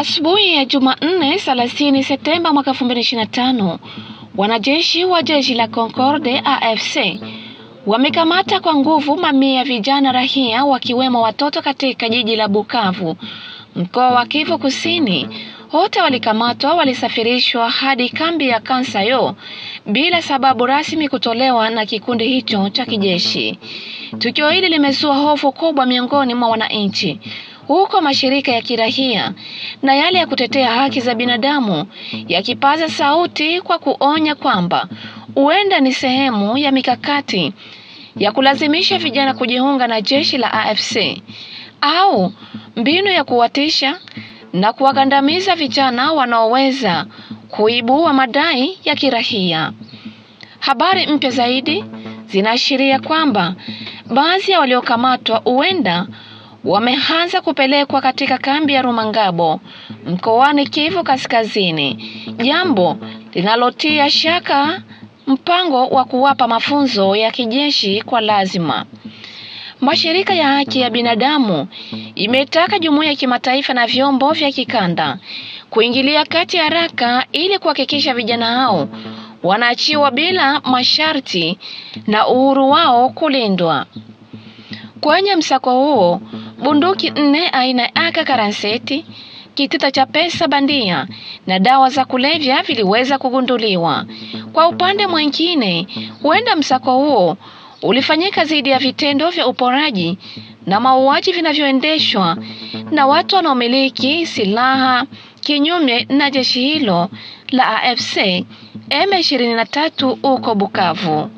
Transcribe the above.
Asubuhi ya Jumanne 30 Septemba mwaka 2025, wanajeshi wa jeshi la Concorde AFC wamekamata kwa nguvu mamia ya vijana raia wakiwemo watoto katika jiji la Bukavu, mkoa wa Kivu Kusini. Wote walikamatwa walisafirishwa hadi kambi ya Kansayo bila sababu rasmi kutolewa na kikundi hicho cha kijeshi. Tukio hili limezua hofu kubwa miongoni mwa wananchi huko mashirika ya kirahia na yale ya kutetea haki za binadamu yakipaza sauti kwa kuonya kwamba huenda ni sehemu ya mikakati ya kulazimisha vijana kujiunga na jeshi la AFC au mbinu ya kuwatisha na kuwagandamiza vijana wanaoweza kuibua madai ya kirahia. Habari mpya zaidi zinaashiria kwamba baadhi ya waliokamatwa huenda wameanza kupelekwa katika kambi ya Rumangabo mkoani Kivu Kaskazini, jambo linalotia shaka mpango wa kuwapa mafunzo ya kijeshi kwa lazima. Mashirika ya haki ya binadamu imetaka jumuiya ya kimataifa na vyombo vya kikanda kuingilia kati haraka ili kuhakikisha vijana hao wanaachiwa bila masharti na uhuru wao kulindwa. Kwenye msako huo, bunduki nne aina ya AK-47, kitita cha pesa bandia na dawa za kulevya viliweza kugunduliwa. Kwa upande mwingine, huenda msako huo ulifanyika dhidi ya vitendo vya uporaji na mauaji vinavyoendeshwa na watu wanaomiliki silaha kinyume na jeshi hilo la AFC M23 huko Bukavu.